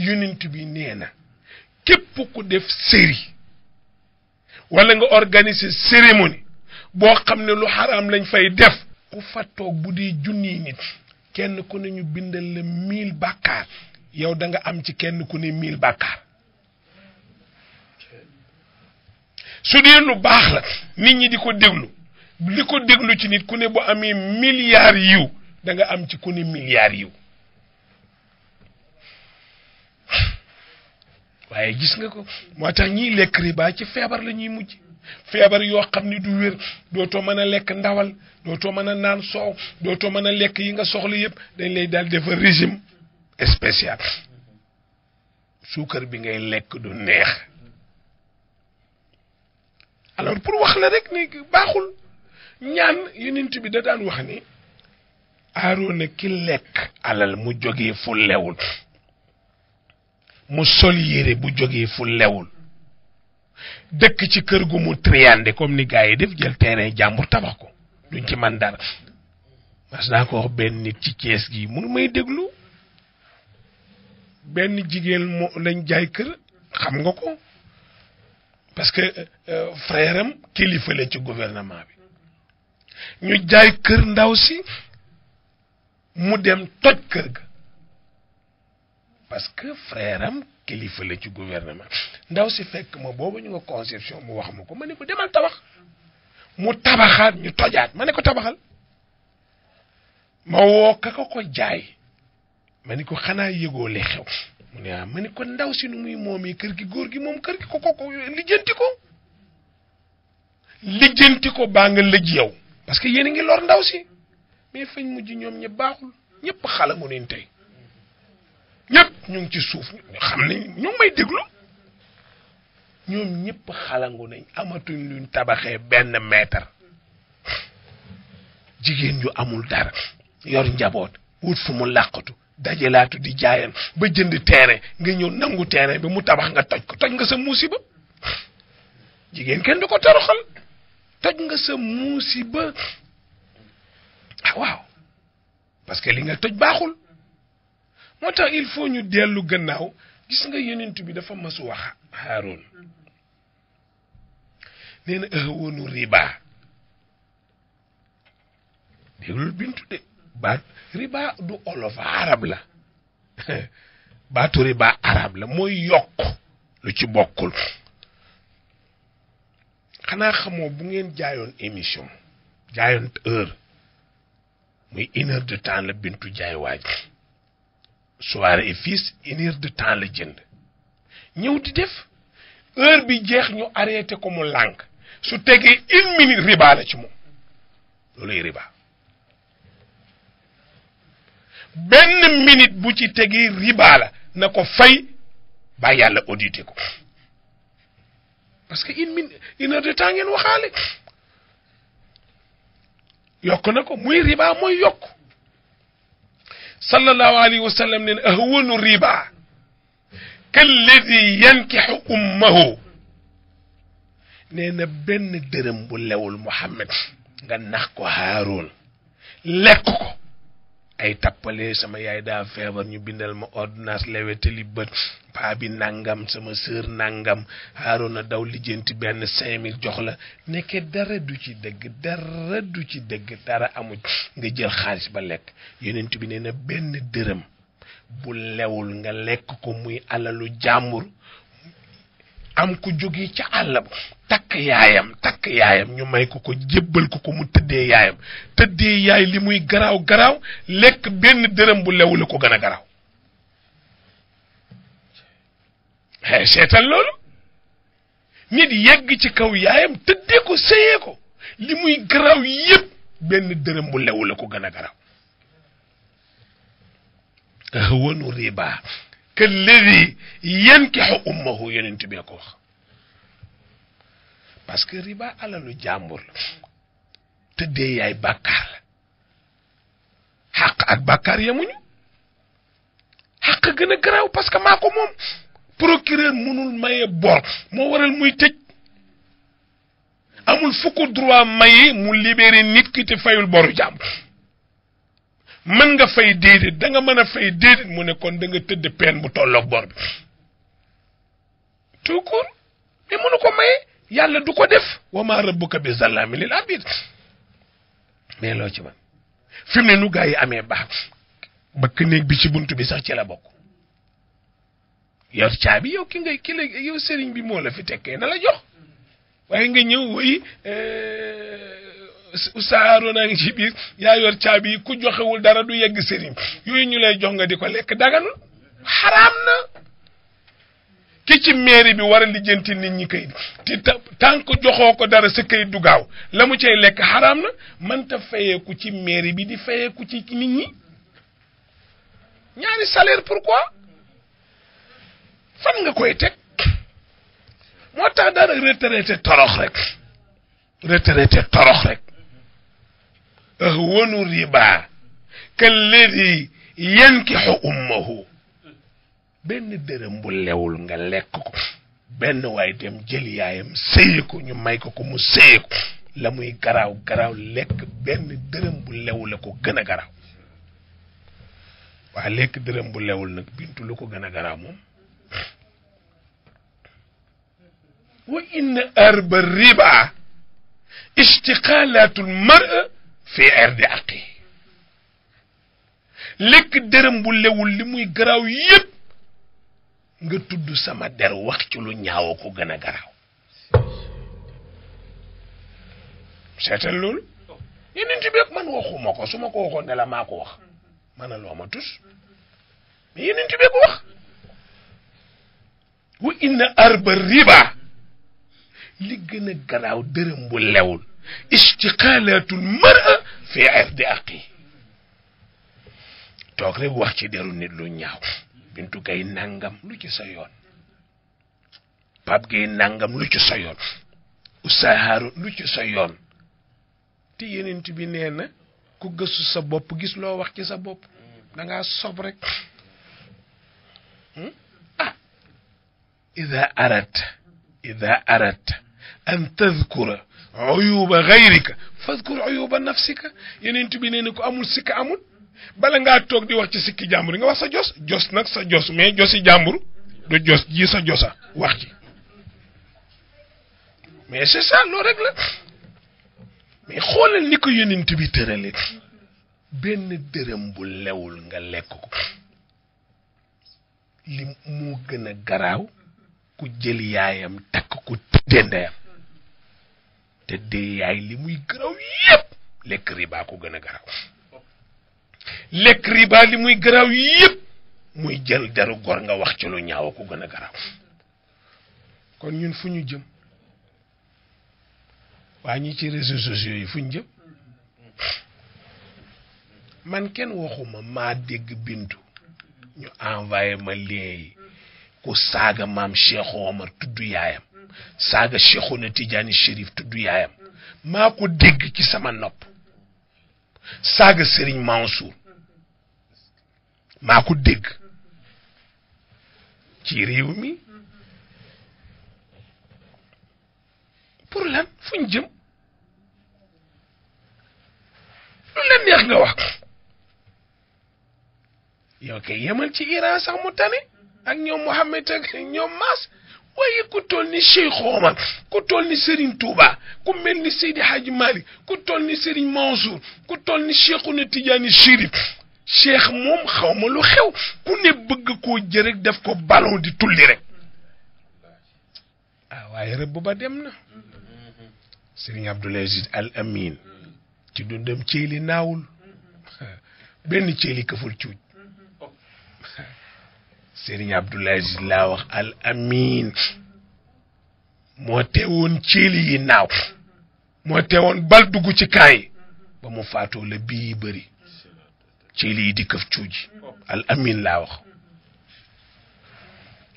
yonent bi nee na képp ku def série walla nga organiser cérémonie boo xam ne lu xaraam lañ fay def ku fa toog bu dee junniy nit kenn ku ne ñu bindal la mille bàkkaar yow danga am ci kenn ku ne mille bàkkaar su dee lu baax la nit ñi di ko déglu li ko déglu ci nit ku ne bu amee milliards yiw danga am ci ku ne milliards yiw waaye gis nga ko moo tax ñiy lekk riba ci feebar la ñuy mujj feebar yoo xam ni du wér too mën a lekk ndawal too mën a naan soow too mën a lekk yi nga soxla yëpp dañ lay daal defar régime spécial suukar bi ngay lekk du neex alors pour wax la rek ni baaxul ñaan yonent bi da daan wax ni na ki lekk alal mu jógee fu lewul mu sol yére bu jógee fu lewul dëkk ci kër gu mu triande comme ni gars yi def jël terrain jàmbur tabax ko duñ ci man dara mas naa ko benn nit ci Cees gi munu may déglu benn jigéen moo lañ jaay kër xam nga ko parce que euh, frère kilifa la ci gouvernement bi ñu jaay kër ndaw si mu dem toj kër ga parce que frère am kilifa la ci gouvernement ndaw si fekk ma boobu ñu nga conception mu wax ma ko ma ne ko demal tabax mu tabaxaat ñu tojaat ma ne ko tabaxal ma woo ko ko jaay ma ni ko xanaa yëgoo li xew mu ne ah ma ne ko ndaw si nu muy moomee kër gi góor gi moom kër gi ko ko ko lijjanti ko lijjanti ko baa nga lëj yow parce que yéen ngi lor ndaw si mais fañ mujj ñoom ñëpp baaxul ñëpp xala mu neen ñu ngi ci suuf xam nañ ñu may déglu ñoom ñëpp xalangu nañ amatuñ luñ tabaxee benn mètre jigéen ju amul dara yor njaboot wut fu mu làqatu dajalaatu di jaayam ba jënd terrain nga ñëw nangu terrain bi mu tabax nga toj ko toj nga sa musiba jigéen kenn du ko toroxal toj nga sa musiba ah waaw parce que li nga toj baaxul moo tax il faut ñu dellu gannaaw gis nga yonent bi dafa masu wax Haaroon nee na ahwoonu riba déglul bintu de baat riba du olof arab la baatu riba arab la mooy yokk lu ci bokkul xanaa xamoo bu ngeen jaayoon émission jaayoon heure muy une de temps la bintu jaay waaj soirée et fils une heure de temps la jënd ñëw di def heure bi jeex ñu arrêté ko mu lànk su tegee une minute riba ci moom looluy riba benn minute bu ci tegee riba la na ko fay ba yàlla audité ko parce que une minute une heure de temps ngeen waxaale yokk na ko muy riba mooy yokk صلى الله عليه وسلم من أهون الربا كالذي ينكح أمه نينا بن درم بلو المحمد غنخكو هارون لكوكو ay tappale sama yaay daa feebar ñu bindal ma ordonnance lewetali bët paa bi nangam sama sœur nangam Haaruna daw lijjanti benn cinq mille jox la nekkee dara du ci dëgg dara du ci dëgg dara amu nga jël xaalis ba lekk yonent bi nee benn dërëm bu lewul nga lekk ko muy alalu jàmbur am ku jóge ci àll ba takk yaayam takk yaayam ñu may ko ko jébbal ko ko mu tëddee yaayam tëddee yaay li muy garaaw garaaw lekk benn dërëm bu lew la ko gën a garaaw xëy seetal loolu nit yegg ci kaw yaayam tëddee ko sëyee ko li muy garaaw yépp benn dërëm bu lew la ko gën a garaaw. xëwanu riba kalladi yankixu ummahu yonent bi ko wax parce que riba alalu jàmbur la tëddee yaay bàkkaar la xàq ak bàkkaar yemuñu xàq gën a garaaw parce que maa moom procureur mënul maye bor moo waral muy tëj amul fukk droit maye mu libéré nit ki te fayul boru jàmbur mën nga fay déedéet da nga mën a fay déedéet mu ne kon da nga tëdd peen bu tollook bor bi tout court mënu ko maye yàlla du ko def wa maa rabbuka bi zallaami lil abid mais loo ci man fi ne nu gaa yi amee baax bëkk néeg bi ci bunt bi sax ci la bokk yor caabi yow ki ngay ki la yow sëriñ bi moo la fi tekkee na la jox waaye nga ñëw woy euh, Oustaz Harouna ngi ci biir yaa yor caabi yi ku joxewul dara du yegg sëriñ yooyu ñu lay jox nga di ko lekk daganul xaraam na ki ci mairie bi war a lijjanti nit ñi kayit te tant que ko dara sa kayit du gaaw la mu cay lekk xaraam na mënta fayeeku ci mairie bi di fayeeku ci nit ñi ñaari salaire pourquoi fan nga koy teg moo tax dara retraité torox torox rek ahwanu riba kalladi yankixu ummahu benn dërëm bu lewul nga lekk ko benn waaye dem jël yaayam sëyi ko ñu may ko ko mu sëyi ko la muy garaaw garaaw lekk benn dërëm bu lewul la ko gën a garaaw waa lekk dërëm bu lewul nag bintu lu ko gën a garaaw moom wa inna arba riba istiqalatul mar'a fii ardi aqi lekk dërëm bu lewul li muy garaaw yépp nga tudd sama der wax ci lu ñaaw ko gën a garaaw seetal loolu yeneen ti bépp man waxuma ko su ma ko waxoon ne la maa ko wax man a loo tus mais yeneen wax wa inna arba riba li gën a garaaw dërëm bu lewul istiqaalatul mara fi irdi aqi toog rek wax ci deru nit lu ñaaw bintu gay nangam lu ci sa yoon pap gay nangam lu ci sa yoon usahaaru lu ci sa yoon te yenent bi nee na ku gëstu sa bopp gis loo wax ci sa bopp da ngaa sob rek hmm? ah ida arat ida arat an tadkura uyuba gayrika fadkur uyuba nafsika yeneen bi nee na ko amul sikk amul bala ngaa toog di wax ci sikki yi nga wax sa jos jos nag sa jos mais josi jàmbur du jos ji sa josa wax ci mais c'est ça loolu rek la mais xoolal ni ko yenent bi tërale benn dërëm bu lewul nga lekk ko li mu gën a garaaw ku jël yaayam takk ko tëddee te déeyaay li muy garaw yépp lekk riba ko gën a garaw lekk riba li muy garaw yépp muy jël deru gor nga wax ci lu ñaaw ko gën a garaw kon ñun fu ñu jëm waa ñi ci réseaux sociaux yi fu ñu jëm man kenn waxuma maa dégg bintu ñu envoyé ma lien yi ku saaga maam Cheikh Omar tudd yaayam saaga Cheikhuna Tidiane Chérif tudd yaayam maa ko dégg ci sama nopp saaga Serigne Mansour maa ko dégg ci réew pour lan fuñ jëm lu la neex nga wax yow yemal ci Iran mu tane ak ñoom Mohammed ak ñoom Maas waaye ku toll ni Cheikh Omar ku toll ni Serigne Touba ku mel ni Seydi Hadji Malick ku toll ni Serigne Mansour ku toll ni Cheikhouna Tidiane Chérif cheikh moom xaw ma lu xew ku ne bëgg koo jë def ko ballon di tulli rek ah waaye rëbb ba dem na Serigne Abdoul Al Amin ci dundam ceeli naawul benn ceeli këful cuuj Serigne Abdoul Aziz laa wax al amin moo teewoon ceeli yi naaw moo teewoon bal dugg ci kaay ba mu faatoo la bii bëri ceeli yi di këf cuuji al amin laa wax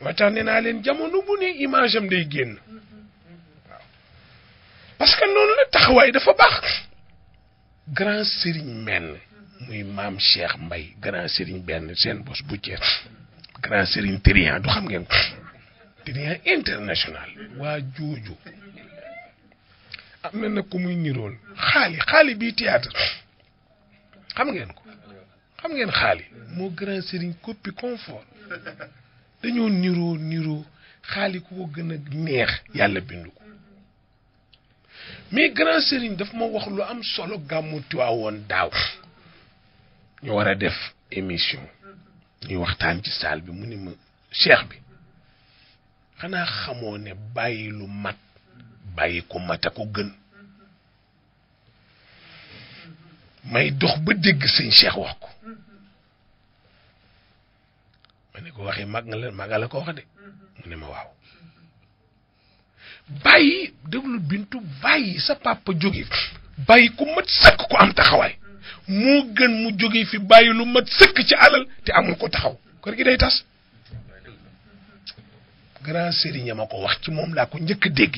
moo tax nee naa leen jamono bu ne image day génn waaw parce que noonu la taxawaay dafa baax grand Serigne menn muy maam Cheikh mbay grand Serigne benn seen bos bu ceer grand Serigne Trian du xam ngeen ko Trian international waa jooju am na nag ku muy nirool xaali xaali bii théâtre xam ngeen ko xam ngeen xaali moo grand Serigne copie confort dañoo niroo niroo xaali ko gën a neex yàlla bindu mais grand Serigne daf ma wax lu am solo gàmmu Tiwaawoon daaw ñu war a def émission ñuy waxtaan ci saal bi mu ni ma cheikh bi xanaa xamoo ne bàyyi lu mat bàyyi ko mat a ko gën may dox ba dégg sëñ cheikh wax ko ma ne ko waxi mag nga la maga la ko wax de mu ne ma waaw bàyyi déglu bintu bàyyi sa papa jóge bàyyi ko mat sëkk ko am taxawaay mu gën mu jóge fi bàyyi lu mat sëkk ci alal te amul ko taxaw kër gi day tas grand sëriñ ma ko wax ci moom laa ko njëkk dégg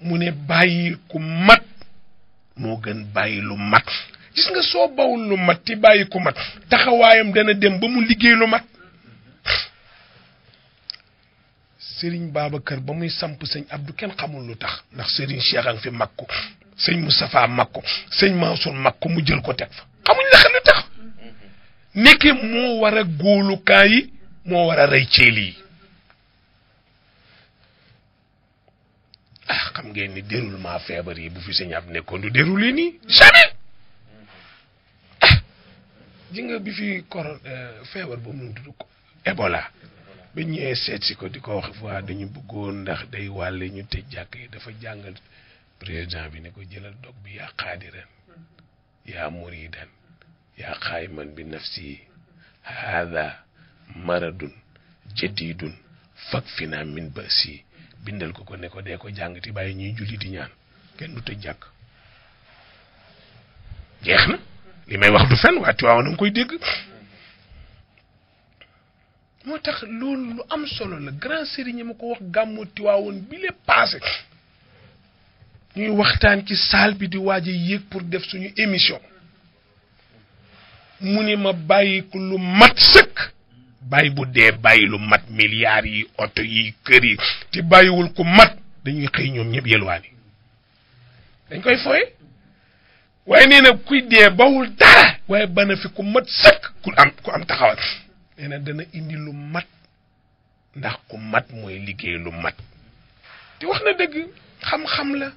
mu ne bàyyi ku mat moo gën bàyyi lu mat gis nga soo bawul lu mat te bàyyi ku mat taxawaayam dana dem ba mu liggéey lu mat sëriñ kër ba muy samp sëñ Abdou kenn xamul lu tax ndax sëriñ Cheikh a fi mag ko sëñ Moustapha mag ko sëñ Mansour mag ko mu jël ko teg fa xamuñ la xam ne tax nekke moo war a góolukaay yi moo war a rey ceeli yi ah xam ngeen ni déroulement feebar yi bu fi sëñ ab nekkoon du déroulé nii jamais ah ji nga bi fi koron euh, feebar boobu noonu tudd ko Ebola ba ñëwee seet ko di ko wax waa dañu bëggoon ndax day wàlle ñu tëj jàkk yi dafa jàngal président bi ne ko jëlal dog bi yaa xaadiran yaa muridan yaa xaayman bi nafsi haada maradun jadidun fag fi naa min ba si bindal ko ko ne ko dee ko jàngati bàyyi ñuy julli di ñaan kenn du tëj jàkk jeex na li may wax du fen waa Tiwaawan na koy dégg moo tax loolu lu am solo la grand sëriñ ma ko wax gàmmu Tiwaawan bi le ñuy waxtaan ci saal bi di waaj a yéeg pour def suñu émission mu ni ma bàyyi lu mat sëkk bàyyi bu dee bàyyi lu mat milliards yi oto yi kër yi te bàyyiwul ku mat dañuy xëy ñoom ñëpp yelwaani dañ koy fooye waaye nee na kuy dee bawul dara waaye bana fi ku mat sëkk ku am ku am taxawal nee dana indi lu mat ndax ku mat mooy liggéey lu mat te wax na dëgg xam-xam la